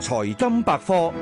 財金百科。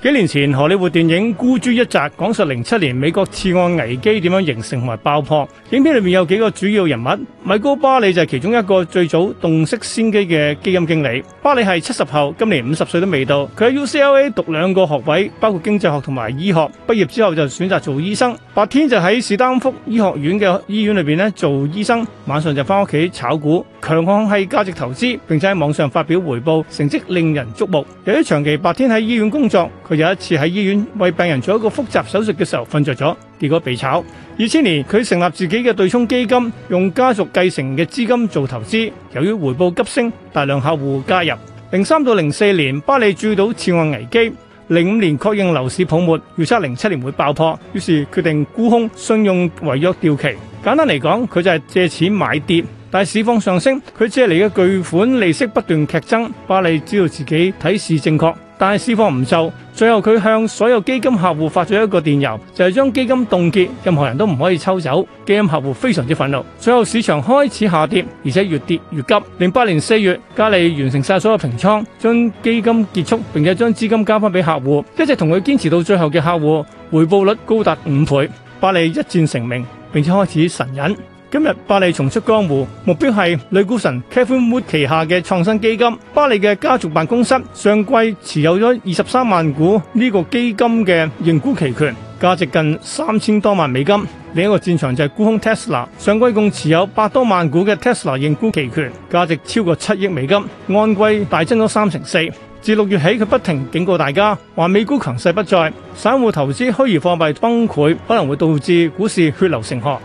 幾年前荷里活電影沽注一擲講述零七年美國次按危機點樣形成同埋爆破，影片裏面有幾個主要人物，米高巴里就係其中一個最早洞悉先機嘅基金經理。巴里係七十後，今年五十歲都未到，佢喺 UCLA 讀兩個學位，包括經濟學同埋醫學。畢業之後就選擇做醫生，白天就喺史丹福醫學院嘅醫院裏邊呢做醫生，晚上就翻屋企炒股，強項係價值投資，並且喺網上發表回報，成績令人矚目。由於長期白天喺醫院工作。佢有一次喺醫院為病人做一個複雜手術嘅時候瞓着咗，結果被炒。二千年佢成立自己嘅對沖基金，用家族繼承嘅資金做投資。由於回報急升，大量客戶加入。零三到零四年，巴利注意到次按危機。零五年確認樓市泡沫，預測零七年會爆破，於是決定沽空信用違約掉期。簡單嚟講，佢就係借錢買跌，但係市況上升，佢借嚟嘅巨款利息不斷劇增。巴利知道自己睇市正確。但係私房唔做，最後佢向所有基金客戶發咗一個電郵，就係、是、將基金凍結，任何人都唔可以抽走。基金客戶非常之憤怒，最後市場開始下跌，而且越跌越急。零八年四月，加利完成晒所有平倉，將基金結束，並且將資金交翻俾客戶。一直同佢堅持到最後嘅客戶，回報率高達五倍，巴利一戰成名，並且開始神隱。今日巴利重出江湖，目標係女股神 Catherine Wood 旗下嘅創新基金。巴利嘅家族辦公室上季持有咗二十三萬股呢個基金嘅認沽期權，價值近三千多萬美金。另一個戰場就係沽空 Tesla，上季共持有百多萬股嘅 Tesla 認沽期權，價值超過七億美金，按季大增咗三成四。自六月起，佢不停警告大家，話美股強勢不再，散戶投資虛擬貨幣崩潰，可能會導致股市血流成河。